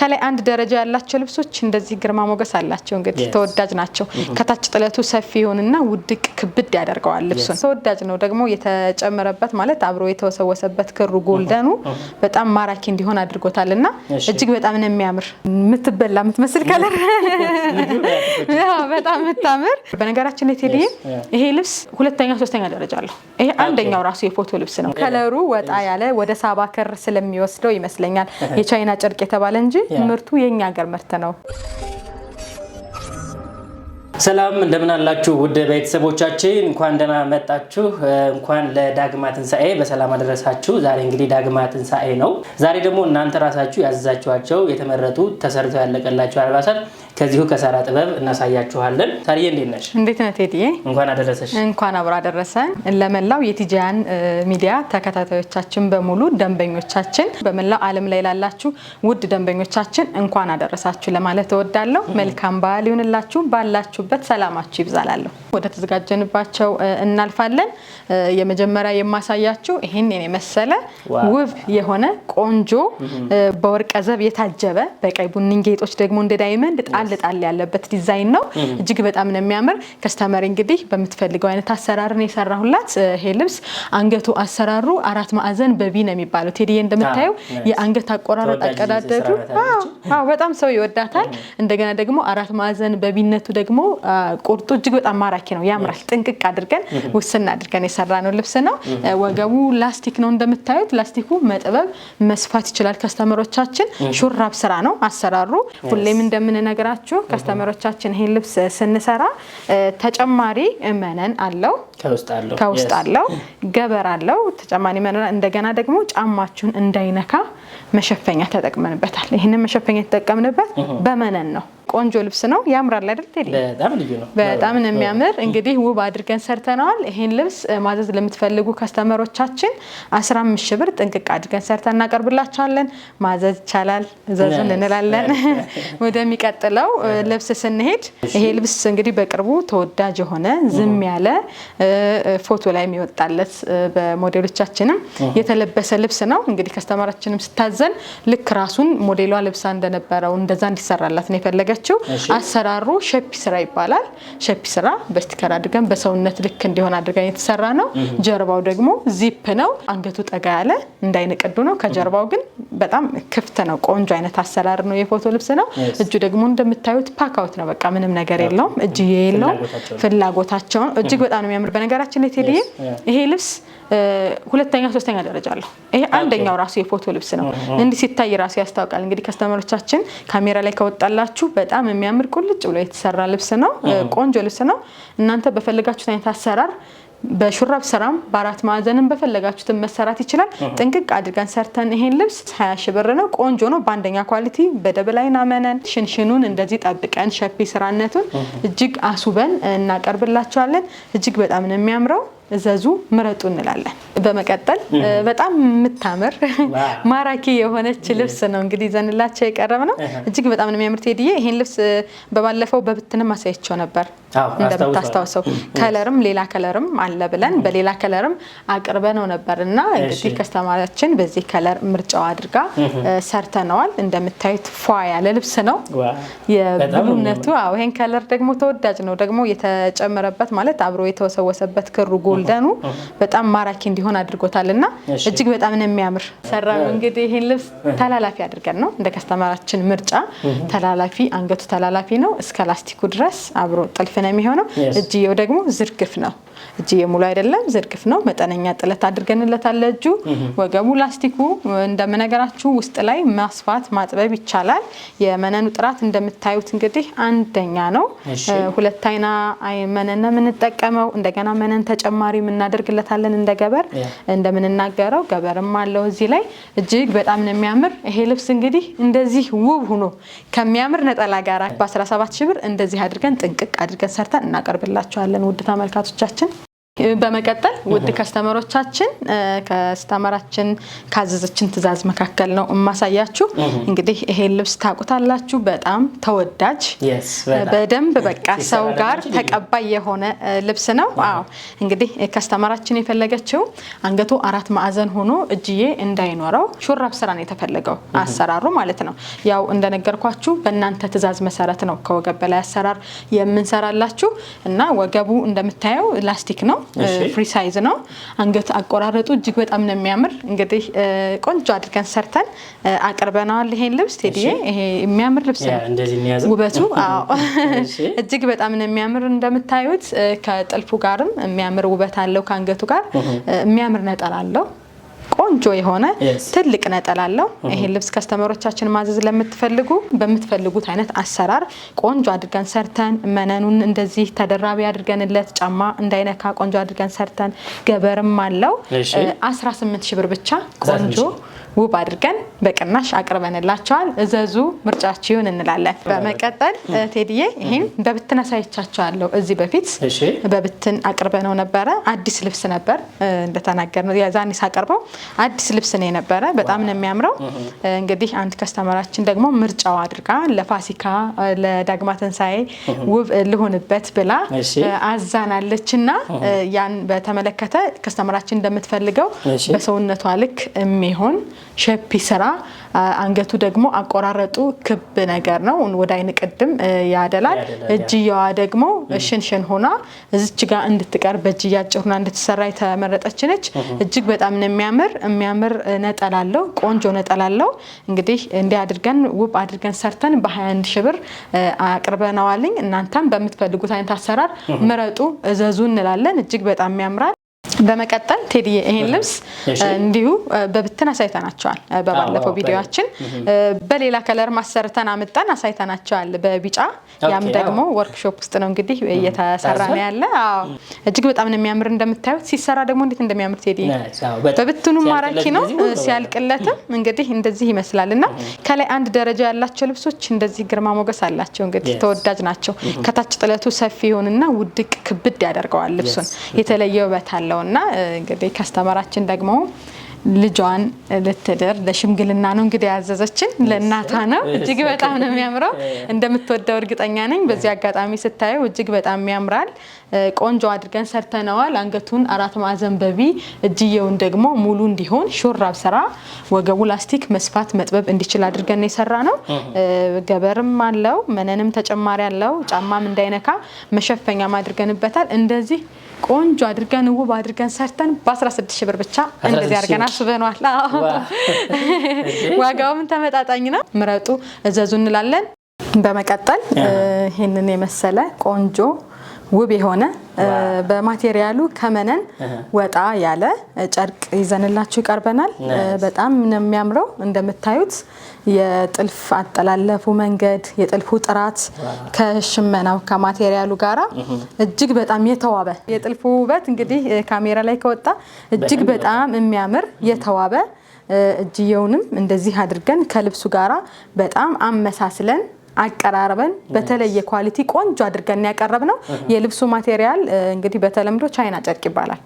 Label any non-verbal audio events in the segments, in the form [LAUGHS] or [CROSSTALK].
ከላይ አንድ ደረጃ ያላቸው ልብሶች እንደዚህ ግርማ ሞገስ አላቸው። እንግዲህ ተወዳጅ ናቸው። mm-hmm. ከታች ጥለቱ ሰፊ ይሆንና ውድቅ ክብድ ያደርገዋል ልብሱን። ተወዳጅ ነው ደግሞ የተጨመረበት ማለት አብሮ የተወሰወሰበት ክሩ ጎልደኑ mm-hmm. Mm-hmm. በጣም ማራኪ እንዲሆን አድርጎታል እና እጅግ በጣም ነው የሚያምር የምትበላ የምትመስል ከለር [LAUGHS] [LAUGHS] በጣም የምታምር በነገራችን ላይ ቴዲ ይሄ ልብስ ሁለተኛ ሶስተኛ ደረጃ አለው። ይሄ አንደኛው ራሱ የፎቶ ልብስ ነው። ከለሩ ወጣ ያለ ወደ ሳባ ክር ስለሚወስደው ይመስለኛል [LAUGHS] የቻይና ጨርቅ የተባለ እንጂ ምርቱ የእኛ ሀገር ምርት ነው። ሰላም እንደምን አላችሁ ውድ ቤተሰቦቻችን፣ እንኳን ደህና መጣችሁ። እንኳን ለዳግማ ትንሣኤ በሰላም አደረሳችሁ። ዛሬ እንግዲህ ዳግማ ትንሣኤ ነው። ዛሬ ደግሞ እናንተ ራሳችሁ ያዘዛችኋቸው የተመረጡ ተሰርተው ያለቀላቸው አልባሳት ከዚሁ ከሳራ ጥበብ እናሳያችኋለን። ሳርዬ እንዴት ነሽ? እንዴት ነህ ቴዲዬ? እንኳን አደረሰሽ። እንኳን አብሮ አደረሰን። ለመላው የቲጃያን ሚዲያ ተከታታዮቻችን በሙሉ ደንበኞቻችን፣ በመላው ዓለም ላይ ላላችሁ ውድ ደንበኞቻችን እንኳን አደረሳችሁ ለማለት እወዳለሁ። መልካም በዓል ይሁንላችሁ ባላችሁ በያላችሁበት ሰላማችሁ ይብዛላለሁ። ወደ ተዘጋጀንባቸው እናልፋለን። የመጀመሪያ የማሳያችሁ ይህን የመሰለ ውብ የሆነ ቆንጆ በወርቀ ዘብ የታጀበ በቀይ ቡኒ ጌጦች ደግሞ እንደ ዳይመንድ ጣል ጣል ያለበት ዲዛይን ነው። እጅግ በጣም ነው የሚያምር። ከስተመሪ እንግዲህ በምትፈልገው አይነት አሰራርን የሰራሁላት ይሄ ልብስ አንገቱ አሰራሩ አራት ማዕዘን በቢ ነው የሚባለው። ቴዲዬ እንደምታየው የአንገት አቆራረጥ አቀዳደዱ በጣም ሰው ይወዳታል። እንደገና ደግሞ አራት ማዕዘን በቢነቱ ደግሞ ቁርጡ እጅግ በጣም ማራኪ ነው፣ ያምራል። ጥንቅቅ አድርገን ውስን አድርገን የሰራነው ልብስ ነው። ወገቡ ላስቲክ ነው እንደምታዩት። ላስቲኩ መጥበብ መስፋት ይችላል። ከስተመሮቻችን ሹራብ ስራ ነው አሰራሩ። ሁሌም እንደምንነግራችሁ ከስተመሮቻችን ይህን ልብስ ስንሰራ ተጨማሪ መነን አለው ከውስጥ አለው ገበር አለው ተጨማሪ መነን። እንደገና ደግሞ ጫማችሁን እንዳይነካ መሸፈኛ ተጠቅመንበታል። ይህንን መሸፈኛ የተጠቀምንበት በመነን ነው። ቆንጆ ልብስ ነው፣ ያምራል አይደል? በጣም ነው የሚያምር። እንግዲህ ውብ አድርገን ሰርተነዋል። ይህን ልብስ ማዘዝ ለምትፈልጉ ከስተመሮቻችን 15 ሺህ ብር ጥንቅቅ አድርገን ሰርተን እናቀርብላቸዋለን። ማዘዝ ይቻላል፣ እዘዙን እንላለን። [LAUGHS] ወደሚቀጥለው ልብስ ስንሄድ ይሄ ልብስ እንግዲህ በቅርቡ ተወዳጅ የሆነ ዝም ያለ ፎቶ ላይ የሚወጣለት በሞዴሎቻችንም የተለበሰ ልብስ ነው። እንግዲህ ከስተመራችንም ስትታዘን ልክ ራሱን ሞዴሏ ልብሳ እንደነበረው እንደዛ እንዲሰራላት ነው የፈለገችው። አሰራሩ ሸፒ ስራ ይባላል። ሸፒ ስራ በስቲከር አድርገን በሰውነት ልክ እንዲሆን አድርገን የተሰራ ነው። ጀርባው ደግሞ ዚፕ ነው። አንገቱ ጠጋ ያለ እንዳይንቅዱ ነው። ከጀርባው ግን በጣም ክፍት ነው። ቆንጆ አይነት አሰራር ነው። የፎቶ ልብስ ነው። እጁ ደግሞ እንደምታዩት ፓካውት ነው። በቃ ምንም ነገር የለውም። እጅ የለውም። ፍላጎታቸውን እጅግ በጣም ነው የሚያምር። በነገራችን ላይ ቴዲዬ ይሄ ልብስ ሁለተኛ ሶስተኛ ደረጃ አለው። ይሄ አንደኛው ራሱ የፎቶ ልብስ ነው። እንዲህ ሲታይ ራሱ ያስታውቃል። እንግዲህ ከስተመሮቻችን ካሜራ ላይ ከወጣላችሁ በጣም የሚያምር ቁልጭ ብሎ የተሰራ ልብስ ነው። ቆንጆ ልብስ ነው። እናንተ በፈለጋችሁት አይነት አሰራር በሹራብ ስራም በአራት ማዕዘንም በፈለጋችሁትን መሰራት ይችላል። ጥንቅቅ አድርገን ሰርተን ይሄን ልብስ ሀያ ሺ ብር ነው። ቆንጆ ነው፣ በአንደኛ ኳሊቲ በደብላይን አመነን ሽንሽኑን እንደዚህ ጠብቀን ሸፊ ስራነቱን እጅግ አሱበን እናቀርብላቸዋለን። እጅግ በጣም ነው የሚያምረው። እዘዙ፣ ምረጡ እንላለን። በመቀጠል በጣም የምታምር ማራኪ የሆነች ልብስ ነው እንግዲህ ይዘንላቸው የቀረብ ነው። እጅግ በጣም ነው የሚያምር ቴዲዬ። ይሄን ልብስ በባለፈው በብትንም አሳይቸው ነበር እንደምታስታውሰው። ከለርም ሌላ ከለርም አለ ብለን በሌላ ከለርም አቅርበ ነው ነበር እና እንግዲህ ከስተማሪያችን በዚህ ከለር ምርጫው አድርጋ ሰርተነዋል። እንደምታዩት ፏ ያለ ልብስ ነው የብሉነቱ። ይሄን ከለር ደግሞ ተወዳጅ ነው ደግሞ የተጨመረበት ማለት አብሮ የተወሰወሰበት ክሩ ጎል ጎልደኑ በጣም ማራኪ እንዲሆን አድርጎታል እና እጅግ በጣም ነው የሚያምር ሰራ ነው። እንግዲህ ይህን ልብስ ተላላፊ አድርገን ነው እንደ ከስተማራችን ምርጫ ተላላፊ፣ አንገቱ ተላላፊ ነው እስከ ላስቲኩ ድረስ አብሮ ጥልፍ ነው የሚሆነው። እጅየው ደግሞ ዝርግፍ ነው። እጅ ሙሉ አይደለም ዝርግፍ ነው። መጠነኛ ጥለት አድርገንለታል። እጁ ወገቡ ላስቲኩ እንደምነገራችሁ ውስጥ ላይ ማስፋት ማጥበብ ይቻላል። የመነኑ ጥራት እንደምታዩት እንግዲህ አንደኛ ነው። ሁለት አይና መነን ነው የምንጠቀመው። እንደገና መነን ተጨማሪ ተጨማሪ እናደርግለታለን እንደ ገበር እንደምንናገረው ገበርም አለው እዚህ ላይ እጅግ በጣም ነው የሚያምር ይሄ ልብስ እንግዲህ እንደዚህ ውብ ሆኖ ከሚያምር ነጠላ ጋር በ17 ሺ ብር እንደዚህ አድርገን ጥንቅቅ አድርገን ሰርተን እናቀርብላቸዋለን ውድ ተመልካቾቻችን በመቀጠል ውድ ከስተመሮቻችን ከስተመራችን ካዘዘችን ትእዛዝ መካከል ነው የማሳያችሁ። እንግዲህ ይሄን ልብስ ታውቁታላችሁ። በጣም ተወዳጅ በደንብ በቃ ሰው ጋር ተቀባይ የሆነ ልብስ ነው። አዎ እንግዲህ ከስተመራችን የፈለገችው አንገቱ አራት ማዕዘን ሆኖ እጅዬ እንዳይኖረው ሹራብ ስራ ነው የተፈለገው፣ አሰራሩ ማለት ነው። ያው እንደነገርኳችሁ በእናንተ ትእዛዝ መሰረት ነው ከወገብ በላይ አሰራር የምንሰራላችሁ እና ወገቡ እንደምታየው ላስቲክ ነው ፍሪሳይዝ ነው። አንገት አቆራረጡ እጅግ በጣም ነው የሚያምር። እንግዲህ ቆንጆ አድርገን ሰርተን አቅርበነዋል። ይሄን ልብስ ቴዲዬ፣ ይሄ የሚያምር ልብስ ነው። ውበቱ [LAUGHS] [LAUGHS] እጅግ በጣም ነው የሚያምር። እንደምታዩት ከጥልፉ ጋርም የሚያምር ውበት አለው። ከአንገቱ ጋር የሚያምር ነጠላ አለው። ቆንጆ የሆነ ትልቅ ነጠላ አለው። uh-huh. ይሄን ልብስ ከስተመሮቻችን ማዘዝ ለምትፈልጉ በምትፈልጉት አይነት አሰራር ቆንጆ አድርገን ሰርተን መነኑን እንደዚህ ተደራቢ አድርገንለት ጫማ እንዳይነካ ቆንጆ አድርገን ሰርተን ገበርም አለው 18 ሺ ብር ብቻ ቆንጆ ውብ አድርገን በቅናሽ አቅርበንላቸዋል። እዘዙ ምርጫችሁን እንላለን። በመቀጠል ቴዲዬ ይህም በብትን አሳይቻቸዋለሁ። እዚህ በፊት በብትን አቅርበነው ነበረ። አዲስ ልብስ ነበር እንደተናገር ነው የዛኔ ሳቀርበው አዲስ ልብስ ነው የነበረ። በጣም ነው የሚያምረው። እንግዲህ አንድ ከስተመራችን ደግሞ ምርጫው አድርጋ ለፋሲካ ለዳግማ ትንሳኤ ውብ ልሆንበት ብላ አዛናለች እና ያን በተመለከተ ከስተመራችን እንደምትፈልገው በሰውነቷ ልክ የሚሆን ሸፒ ስራ አንገቱ ደግሞ አቆራረጡ ክብ ነገር ነው፣ ወደ አይን ቅድም ያደላል። እጅየዋ ደግሞ ሽንሽን ሆና እዚች ጋር እንድትቀር በእጅያ እያጭር ሆና እንድትሰራ የተመረጠች ነች። እጅግ በጣም ነው የሚያምር የሚያምር ነጠላለው፣ ቆንጆ ነጠላለው። እንግዲህ እንዲህ አድርገን ውብ አድርገን ሰርተን በ21 ሺ ብር አቅርበነዋልኝ። እናንተም በምትፈልጉት አይነት አሰራር ምረጡ፣ እዘዙ እንላለን። እጅግ በጣም ያምራል። በመቀጠል ቴዲ ይሄን ልብስ እንዲሁ በብትን አሳይተናቸዋል። በባለፈው ቪዲዮችን በሌላ ከለር ማሰርተን አምጠን አሳይተናቸዋል በቢጫ ያም ደግሞ ወርክሾፕ ውስጥ ነው እንግዲህ እየተሰራ ነው ያለ። እጅግ በጣም ነው የሚያምር እንደምታዩት። ሲሰራ ደግሞ እንዴት እንደሚያምር ቴዲ በብትኑ ማራኪ ነው። ሲያልቅለትም እንግዲህ እንደዚህ ይመስላል እና ከላይ አንድ ደረጃ ያላቸው ልብሶች እንደዚህ ግርማ ሞገስ አላቸው። እንግዲህ ተወዳጅ ናቸው። ከታች ጥለቱ ሰፊ ይሆንና ውድቅ ክብድ ያደርገዋል ልብሱን የተለየ ውበት አለውና እና እንግዲህ ከስተመራችን ደግሞ ልጇን ልትድር ለሽምግልና ነው እንግዲህ ያዘዘችን፣ ለእናቷ ነው። እጅግ በጣም ነው የሚያምረው፣ እንደምትወደው እርግጠኛ ነኝ። በዚህ አጋጣሚ ስታየው እጅግ በጣም ያምራል። ቆንጆ አድርገን ሰርተነዋል። አንገቱን አራት ማዕዘን በቢ፣ እጅየውን ደግሞ ሙሉ እንዲሆን ሹራብ ስራ፣ ወገቡ ላስቲክ መስፋት መጥበብ እንዲችል አድርገን የሰራ ነው። ገበርም አለው፣ መነንም ተጨማሪ አለው። ጫማም እንዳይነካ መሸፈኛም አድርገንበታል። እንደዚህ ቆንጆ አድርገን ውብ አድርገን ሰርተን በ16 ሺህ ብር ብቻ እንደዚህ አድርገን አስበኗል። ዋጋውም ተመጣጣኝ ነው። ምረጡ፣ እዘዙ እንላለን። በመቀጠል ይህንን የመሰለ ቆንጆ ውብ የሆነ በማቴሪያሉ ከመነን ወጣ ያለ ጨርቅ ይዘንላችሁ ይቀርበናል። በጣም ነው የሚያምረው። እንደምታዩት የጥልፍ አጠላለፉ መንገድ፣ የጥልፉ ጥራት ከሽመናው ከማቴሪያሉ ጋራ እጅግ በጣም የተዋበ የጥልፉ ውበት እንግዲህ ካሜራ ላይ ከወጣ እጅግ በጣም የሚያምር የተዋበ እጅየውንም እንደዚህ አድርገን ከልብሱ ጋራ በጣም አመሳስለን አቀራርበን በተለየ ኳሊቲ ቆንጆ አድርገን ያቀረብ ነው። uh-huh. የልብሱ ማቴሪያል uh, እንግዲህ በተለምዶ ቻይና ጨርቅ ይባላል።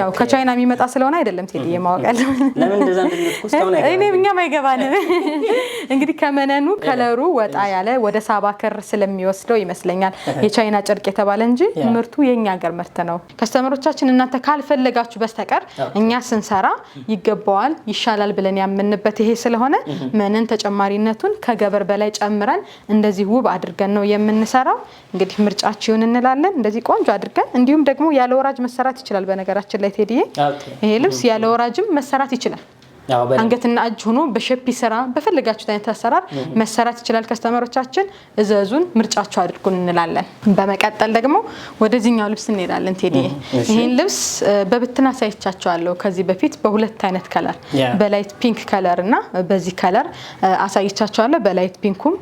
ያው ከቻይና የሚመጣ ስለሆነ አይደለም ቴዲ uh-huh. የማወቃል uh-huh. [LAUGHS] እኛም አይገባንም። [LAUGHS] እንግዲህ ከመነኑ ከለሩ ወጣ ያለ ወደ ሳባ ክር ስለሚወስደው ይመስለኛል የቻይና ጨርቅ የተባለ እንጂ ምርቱ የእኛ ሀገር ምርት ነው። ከስተመሮቻችን እናንተ ካልፈለጋችሁ በስተቀር እኛ ስንሰራ ይገባዋል ይሻላል ብለን ያምንበት ይሄ ስለሆነ መነን ተጨማሪነቱን ከገበር በላይ ጨምረን እንደዚህ ውብ አድርገን ነው የምንሰራው። እንግዲህ ምርጫችሁን እንላለን። እንደዚህ ቆንጆ አድርገን እንዲሁም ደግሞ ያለ ወራጅ መሰራት ይችላል። በነገራችን ላይ ቴዲዬ ይሄ ልብስ ያለ ወራጅም መሰራት ይችላል። አንገትና እጅ ሆኖ በሸፒ ስራ በፈለጋችሁት አይነት አሰራር መሰራት ይችላል። ከስተመሮቻችን እዘዙን፣ ምርጫችሁ አድርጉን እንላለን። በመቀጠል ደግሞ ወደዚህኛው ልብስ እንሄዳለን። ቴዲ ይህን ልብስ በብትና አለው ከዚህ በፊት በሁለት አይነት ከለር በላይት ፒንክ ከለር እና በዚህ ከለር አሳይቻቸዋለሁ። በላይት ፒንኩም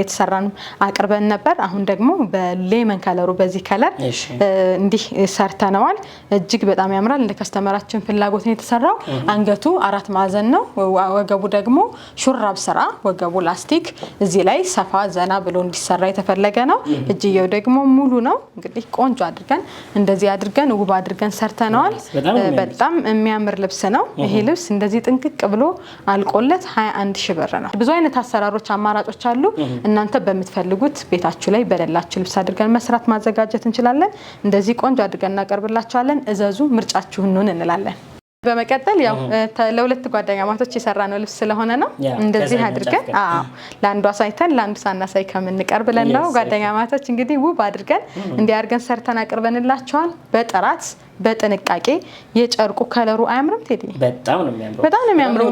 የተሰራን አቅርበን ነበር። አሁን ደግሞ በሌመን ከለሩ በዚህ ከለር እንዲህ ሰርተነዋል። እጅግ በጣም ያምራል። እንደ ከስተመራችን ፍላጎት ነው የተሰራው አንገቱ አራት ማዕዘን ነው። ወገቡ ደግሞ ሹራብ ስራ፣ ወገቡ ላስቲክ እዚህ ላይ ሰፋ ዘና ብሎ እንዲሰራ የተፈለገ ነው። እጅየው ደግሞ ሙሉ ነው። እንግዲህ ቆንጆ አድርገን እንደዚህ አድርገን ውብ አድርገን ሰርተነዋል። በጣም የሚያምር ልብስ ነው። ይሄ ልብስ እንደዚህ ጥንቅቅ ብሎ አልቆለት 21 ሺ ብር ነው። ብዙ አይነት አሰራሮች፣ አማራጮች አሉ። እናንተ በምትፈልጉት ቤታችሁ ላይ በሌላችሁ ልብስ አድርገን መስራት ማዘጋጀት እንችላለን። እንደዚህ ቆንጆ አድርገን እናቀርብላቸዋለን እዘዙ፣ ምርጫችሁን እንላለን። በመቀጠል ያው ለሁለት ጓደኛ ማቶች የሰራ ነው ልብስ ስለሆነ ነው እንደዚህ አድርገን ለአንዱ አሳይተን ለአንዱ ሳናሳይ ከምንቀር ብለን ነው። ጓደኛ ማቶች እንግዲህ ውብ አድርገን እንዲህ አድርገን ሰርተን አቅርበንላቸዋል። በጥራት በጥንቃቄ የጨርቁ ከለሩ አያምርም ቴዲ? በጣም ነው የሚያምረው። በጣም ነው የሚያምረው።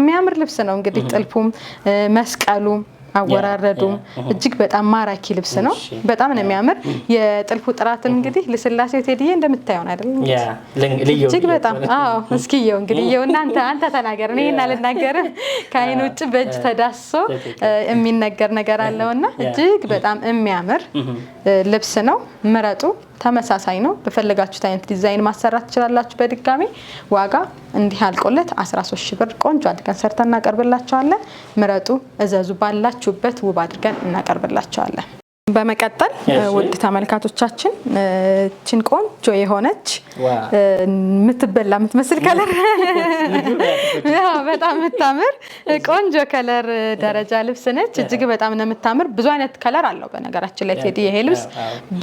የሚያምር ልብስ ነው እንግዲህ ጥልፉም መስቀሉም አወራረዱም እጅግ በጣም ማራኪ ልብስ ነው። በጣም ነው የሚያምር። የጥልፉ ጥራት እንግዲህ ልስላሴ ቴድዬ እንደምታየውን አይደለም እጅግ በጣም አዎ። እስኪየው እንግዲህ የው እናንተ አንተ ተናገር፣ ይህን አልናገርም። ከአይን ውጭ በእጅ ተዳሶ የሚነገር ነገር አለውና እጅግ በጣም የሚያምር ልብስ ነው። ምረጡ። ተመሳሳይ ነው። በፈለጋችሁት አይነት ዲዛይን ማሰራት ትችላላችሁ። በድጋሚ ዋጋ እንዲህ አልቆለት 13 ብር ቆንጆ አድርገን ሰርተን እናቀርብላቸዋለን። ምረጡ፣ እዘዙ። ባላችሁበት ውብ አድርገን እናቀርብላቸዋለን። በመቀጠል ውድ ተመልካቶቻችን ችን ቆንጆ የሆነች የምትበላ የምትመስል ከለር በጣም የምታምር ቆንጆ ከለር ደረጃ ልብስ ነች። እጅግ በጣም ነው የምታምር። ብዙ አይነት ከለር አለው። በነገራችን ላይ ቴዲ ይሄ ልብስ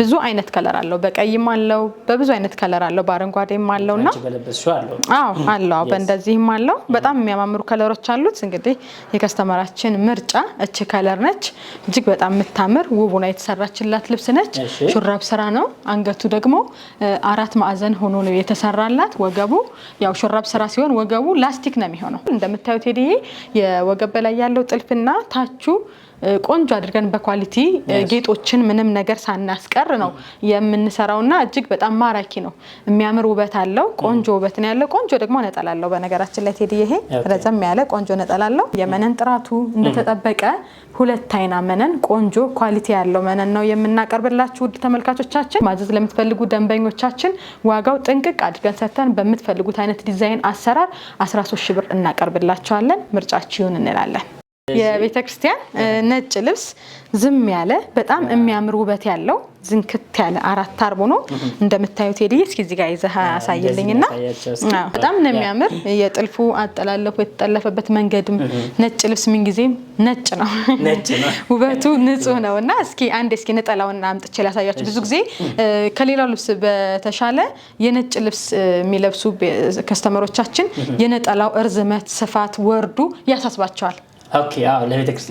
ብዙ አይነት ከለር አለው። በቀይም አለው፣ በብዙ አይነት ከለር አለው፣ በአረንጓዴም አለው እና አዎ አለው፣ በእንደዚህም አለው። mm. በጣም የሚያማምሩ ከለሮች አሉት። እንግዲህ የከስተመራችን ምርጫ እች ከለር ነች። እጅግ በጣም የምታምር ውቡ የተሰራችላት ልብስ ነች። ሹራብ ስራ ነው። አንገቱ ደግሞ አራት ማዕዘን ሆኖ ነው የተሰራላት። ወገቡ ያው ሹራብ ስራ ሲሆን ወገቡ ላስቲክ ነው የሚሆነው። እንደምታዩት ቴዲዬ የወገብ በላይ ያለው ጥልፍና ታቹ ቆንጆ አድርገን በኳሊቲ ጌጦችን ምንም ነገር ሳናስቀር ነው የምንሰራውና እጅግ በጣም ማራኪ ነው። የሚያምር ውበት አለው። ቆንጆ mm. ውበት ነው ያለው። ቆንጆ ደግሞ ነጠላለው። አለው። በነገራችን ላይ ቴዲ ይሄ ረዘም ያለ ቆንጆ ነጠላለው። የመነን ጥራቱ እንደተጠበቀ mm. ሁለት አይና መነን ቆንጆ ኳሊቲ ያለው መነን ነው የምናቀርብላችሁ ውድ ተመልካቾቻችን። ማዘዝ ለምትፈልጉ ደንበኞቻችን ዋጋው ጥንቅቅ አድርገን ሰጥተን በምትፈልጉት አይነት ዲዛይን አሰራር 13 ሺ ብር እናቀርብላቸዋለን። ምርጫችሁን እንላለን። የቤተ ክርስቲያን ነጭ ልብስ ዝም ያለ በጣም የሚያምር ውበት ያለው ዝንክት ያለ አራት አርቦ ነው እንደምታዩት። ቴዲ እስኪ እዚህ ጋር ይዘህ ና በጣም ነው የሚያምር። የጥልፉ አጠላለፉ የተጠለፈበት መንገድም ነጭ ልብስ ምንጊዜም ነጭ ነው፣ [LAUGHS] ውበቱ ንጹህ ነው እና እስኪ አንድ እስኪ ነጠላውን አምጥቼ ላሳያችሁ። ብዙ ጊዜ ከሌላው ልብስ በተሻለ የነጭ ልብስ የሚለብሱ ከስተመሮቻችን የነጠላው እርዝመት፣ ስፋት፣ ወርዱ ያሳስባቸዋል።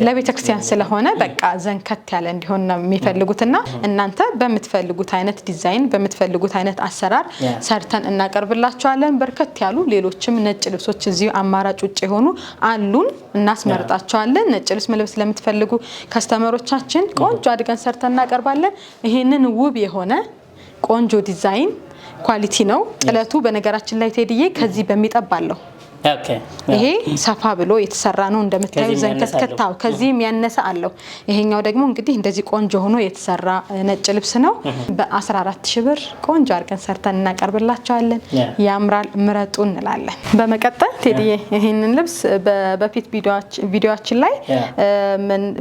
ለቤተ ክርስቲያን ስለሆነ በቃ ዘንከት ያለ እንዲሆን ነው የሚፈልጉትና እናንተ በምትፈልጉት አይነት ዲዛይን በምትፈልጉት አይነት አሰራር ሰርተን እናቀርብላቸዋለን። በርከት ያሉ ሌሎችም ነጭ ልብሶች እዚሁ አማራጭ ውጭ የሆኑ አሉን፣ እናስመርጣቸዋለን። ነጭ ልብስ መልበስ ለምትፈልጉ ከስተመሮቻችን ቆንጆ አድገን ሰርተን እናቀርባለን። ይህንን ውብ የሆነ ቆንጆ ዲዛይን ኳሊቲ ነው ጥለቱ። በነገራችን ላይ ቴድዬ ከዚህ በሚጠባለሁ ይሄ ሰፋ ብሎ የተሰራ ነው እንደምታዩ ዘንከትከታው ከዚህም ያነሰ አለው። ይሄኛው ደግሞ እንግዲህ እንደዚህ ቆንጆ ሆኖ የተሰራ ነጭ ልብስ ነው። በ14 ሺህ ብር ቆንጆ አድርገን ሰርተን እናቀርብላቸዋለን። ያምራል፣ ምረጡ እንላለን። በመቀጠል ቴዲዬ ይህንን ልብስ በፊት ቪዲዮችን ላይ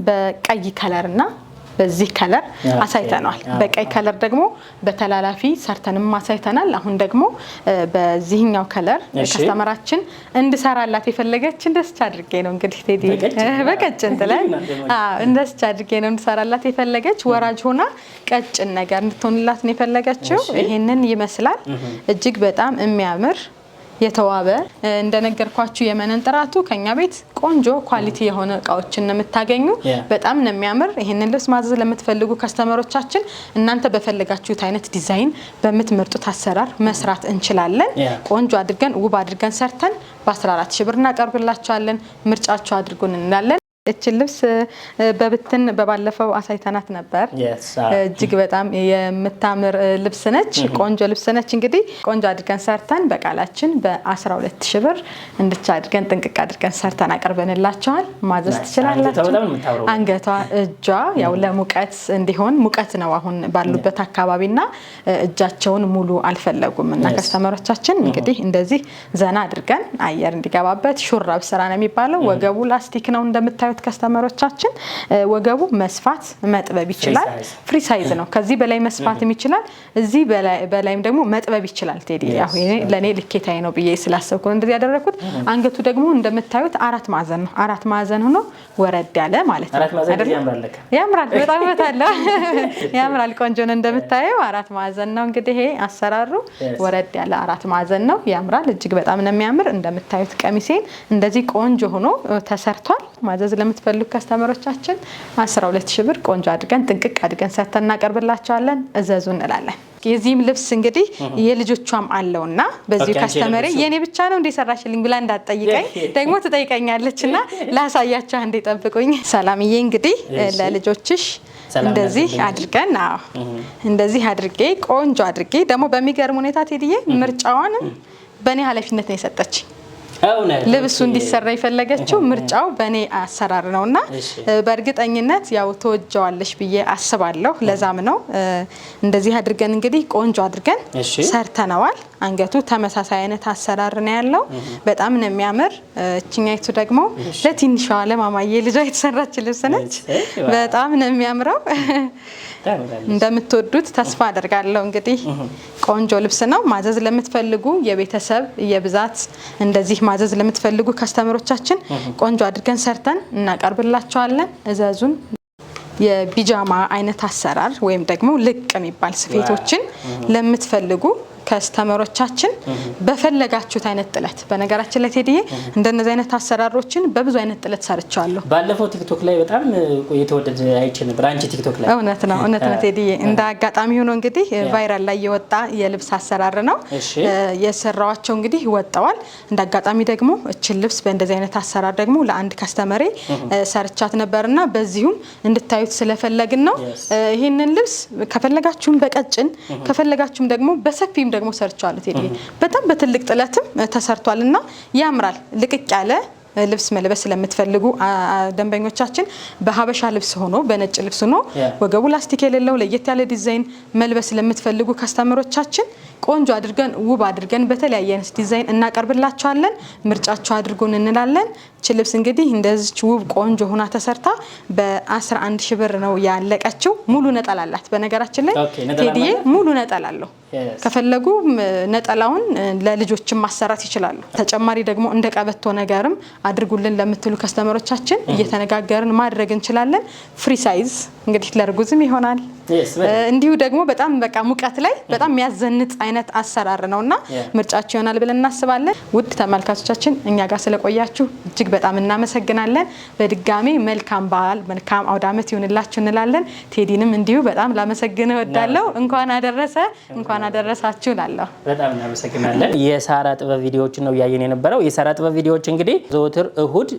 በቀይ ከለር እና በዚህ ከለር አሳይተነዋል። በቀይ ከለር ደግሞ በተላላፊ ሰርተንም አሳይተናል። አሁን ደግሞ በዚህኛው ከለር ከስተመራችን እንድሰራላት የፈለገች እንደስች አድርጌ ነው እንግዲህ ቴዲ በቀጭን ጥለን እንደስች አድርጌ ነው እንድሰራላት የፈለገች ወራጅ ሆና ቀጭን ነገር እንድትሆንላት ነው የፈለገችው። ይህንን ይመስላል እጅግ በጣም የሚያምር የተዋበ እንደነገርኳችሁ የመነን ጥራቱ ከኛ ቤት ቆንጆ ኳሊቲ የሆነ እቃዎችን ነው የምታገኙ። በጣም ነው የሚያምር። ይህንን ልብስ ማዘዝ ለምትፈልጉ ከስተመሮቻችን እናንተ በፈለጋችሁት አይነት ዲዛይን በምትመርጡት አሰራር መስራት እንችላለን። ቆንጆ አድርገን ውብ አድርገን ሰርተን በ14 ሺ ብር እናቀርብላቸዋለን ምርጫችሁ አድርጉን እንላለን። እችን ልብስ በብትን በባለፈው አሳይተናት ነበር። uh, እጅግ በጣም የምታምር ልብስ ነች፣ mm-hmm. ቆንጆ ልብስ ነች። እንግዲህ ቆንጆ አድርገን ሰርተን በቃላችን በ12 ሺ ብር እንድቻ አድርገን ጥንቅቅ አድርገን ሰርተን አቅርበንላቸዋል። ማዘዝ ትችላላችሁ። አንገቷ፣ እጇ ያው mm-hmm. ለሙቀት እንዲሆን ሙቀት ነው አሁን ባሉበት አካባቢና እጃቸውን ሙሉ አልፈለጉም እና ከስተመሮቻችን mm-hmm. እንግዲህ እንደዚህ ዘና አድርገን አየር እንዲገባበት ሹራብ ስራ ነው የሚባለው። ወገቡ ላስቲክ ነው እንደምታዩት አዳልት ከስተመሮቻችን ወገቡ መስፋት መጥበብ ይችላል። ፍሪ ሳይዝ ነው። ከዚህ በላይ መስፋትም ይችላል። እዚህ በላይም ደግሞ መጥበብ ይችላል። ቴዲ ለእኔ ልኬታዬ ነው ብዬ ስላሰብኩ እንደዚህ ያደረግኩት። አንገቱ ደግሞ እንደምታዩት አራት ማዕዘን ነው። አራት ማዕዘን ሆኖ ወረድ ያለ ማለት ነው። ያምራል፣ በጣም ውበት አለው። [LAUGHS] ያምራል፣ ቆንጆ ነው። እንደምታየው አራት ማዕዘን ነው። እንግዲህ ይሄ አሰራሩ ወረድ ያለ አራት ማዕዘን ነው። ያምራል፣ እጅግ በጣም ነው የሚያምር። እንደምታዩት ቀሚሴን እንደዚህ ቆንጆ ሆኖ ተሰርቷል። ማዘዝ ለምትፈልጉ ከስተመሮቻችን 12 ሺህ ብር ቆንጆ አድርገን ጥንቅቅ አድርገን ሰጥተን እናቀርብላቸዋለን። እዘዙ እንላለን። የዚህም ልብስ እንግዲህ የልጆቿም አለውና በዚሁ ካስተመሬ የኔ ብቻ ነው እንዴ ሰራሽልኝ ብላ እንዳትጠይቀኝ [LAUGHS] ደግሞ ትጠይቀኛለች እና [LAUGHS] ላሳያቸው አንዴ ጠብቁኝ። ሰላምዬ እንግዲህ ለልጆችሽ እንደዚህ አድርገን አዎ እንደዚህ አድርጌ ቆንጆ አድርጌ ደግሞ በሚገርም ሁኔታ ቴዲዬ ምርጫዋንም በእኔ ኃላፊነት ነው የሰጠችኝ። ልብሱ እንዲሰራ የፈለገችው ምርጫው በእኔ አሰራር ነው እና በእርግጠኝነት ያው ተወጀዋለሽ ብዬ አስባለሁ። ለዛም ነው እንደዚህ አድርገን እንግዲህ ቆንጆ አድርገን ሰርተነዋል። አንገቱ ተመሳሳይ አይነት አሰራር ነው ያለው። በጣም ነው የሚያምር። እችኛይቱ ደግሞ ለትንሿ ለማማዬ ልጇ የተሰራች ልብስ ነች። በጣም ነው የሚያምረው። እንደምትወዱት ተስፋ አደርጋለሁ። እንግዲህ ቆንጆ ልብስ ነው። ማዘዝ ለምትፈልጉ የቤተሰብ የብዛት እንደዚህ ማዘዝ ለምትፈልጉ ከስተመሮቻችን ቆንጆ አድርገን ሰርተን እናቀርብላቸዋለን። እዘዙን። የቢጃማ አይነት አሰራር ወይም ደግሞ ልቅ የሚባል ስፌቶችን ለምትፈልጉ ከስተመሮቻችን በፈለጋችሁት አይነት ጥለት። በነገራችን ላይ ቴዲዬ እንደነዚህ አይነት አሰራሮችን በብዙ አይነት ጥለት ሰርቻለሁ። ባለፈው ቲክቶክ ላይ በጣም የተወደደ አይቼ ነበር አንቺ ቲክቶክ ላይ። እውነት ነው እውነት ነው ቴዲዬ። እንደ አጋጣሚ ሆኖ እንግዲህ ቫይራል ላይ የወጣ የልብስ አሰራር ነው የሰራዋቸው። እንግዲህ ወጠዋል። እንደ አጋጣሚ ደግሞ እችን ልብስ በእንደዚህ አይነት አሰራር ደግሞ ለአንድ ከስተመሬ ሰርቻት ነበርና በዚሁም እንድታዩት ስለፈለግን ነው ይህንን ልብስ ከፈለጋችሁም በቀጭን ከፈለጋችሁም ደግሞ በሰፊም ደግሞ ሰርቻለሁ ቴዲ በጣም በትልቅ ጥለትም ተሰርቷል እና ያምራል ልቅቅ ያለ ልብስ መልበስ ስለምትፈልጉ ደንበኞቻችን በሀበሻ ልብስ ሆኖ በነጭ ልብስ ሆኖ ወገቡ ላስቲክ የሌለው ለየት ያለ ዲዛይን መልበስ ስለምትፈልጉ ካስተመሮቻችን ቆንጆ አድርገን ውብ አድርገን በተለያየ ዲዛይን እናቀርብላቸዋለን። ምርጫቸው አድርጉን እንላለን። ይች ልብስ እንግዲህ እንደዚች ውብ ቆንጆ ሆና ተሰርታ በ11 ሺ ብር ነው ያለቀችው። ሙሉ ነጠላ አላት። በነገራችን ላይ ቴዲዬ ሙሉ ነጠላ አለው። ከፈለጉ ነጠላውን ለልጆችም ማሰራት ይችላሉ። ተጨማሪ ደግሞ እንደ ቀበቶ ነገርም አድርጉልን ለምትሉ ከስተመሮቻችን እየተነጋገርን ማድረግ እንችላለን። ፍሪ ሳይዝ እንግዲህ ለርጉዝም ይሆናል እንዲሁ ደግሞ በጣም በቃ ሙቀት ላይ በጣም የሚያዘንጥ አይነት አሰራር ነው እና ምርጫችሁ ይሆናል ብለን እናስባለን። ውድ ተመልካቾቻችን እኛ ጋር ስለቆያችሁ እጅግ በጣም እናመሰግናለን። በድጋሜ መልካም በዓል መልካም አውደ ዓመት ይሁንላችሁ እንላለን። ቴዲንም እንዲሁ በጣም ላመሰግን እወዳለሁ። እንኳን አደረሰ እንኳን አደረሳችሁ እላለሁ። በጣም እናመሰግናለን። የሳራ ጥበብ ቪዲዮዎችን ነው እያየን የነበረው። የሳራ ጥበብ ቪዲዮዎች እንግዲህ ዘወትር እሁድ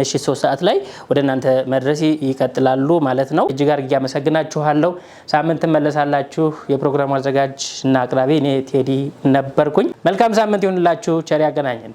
ምሽት ሶስት ሰዓት ላይ ወደ እናንተ መድረስ ይቀጥላሉ ማለት ነው። እጅግ አድርጌ አመሰግናችኋለሁ። ሳምንት መለሳላችሁ የፕሮግራሙ አዘጋጅ እና አቅራቢ እኔ ቴዲ ነበርኩኝ። መልካም ሳምንት ይሁንላችሁ። ቸር ያገናኘን።